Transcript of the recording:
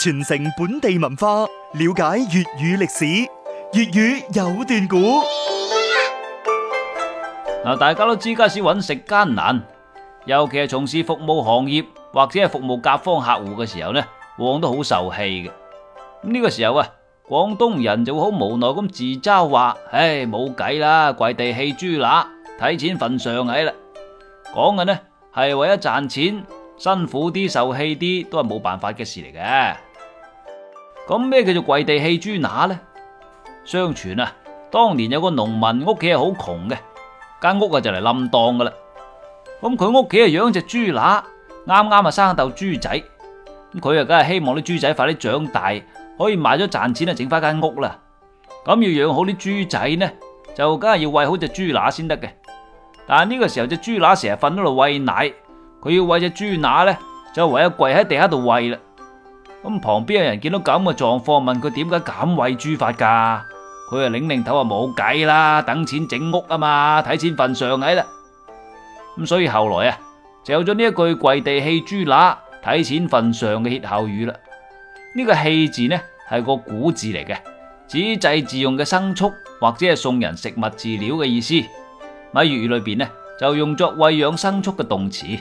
傳承本地文化，了解粵語歷史，粵語有段古。嗱，大家都知家市揾食艱難，尤其係從事服務行業或者係服務甲方客戶嘅時候呢，往往都好受氣嘅。呢、呢個時候啊，廣東人就好無奈咁自嘲話：唉，冇計啦，跪地饩豬乸，睇錢份上矮啦。講嘅呢，係為咗賺錢，辛苦啲，受氣啲都係冇辦法嘅事嚟嘅。咁咩叫做跪地餼豬乸咧？相傳啊，當年有個農民，屋企係好窮嘅，間屋啊就嚟冧檔噶啦。咁佢屋企啊養隻豬乸，啱啱啊生竇豬仔。咁佢啊梗係希望啲豬仔快啲長大，可以賣咗賺錢啦，整翻間屋啦。咁要養好啲豬仔呢，就梗係要喂好隻豬乸先得嘅。但係呢個時候隻豬乸成日瞓喺度喂奶，佢要喂隻豬乸呢，就唯有跪喺地下度喂啦。咁旁邊有人見到咁嘅狀況，問佢點解咁餵豬法噶佢啊擰擰頭話，冇計啦，等錢整屋啊嘛，睇錢份上嘅啦。咁所以後來啊，就有咗呢一句跪地餼豬乸，睇錢份上嘅歇後語啦。呢個餼字呢係個古字嚟嘅，指祭祀用嘅牲畜或者係送人食物飼料嘅意思。喺粵語裏邊呢就用作餵養牲畜嘅動詞。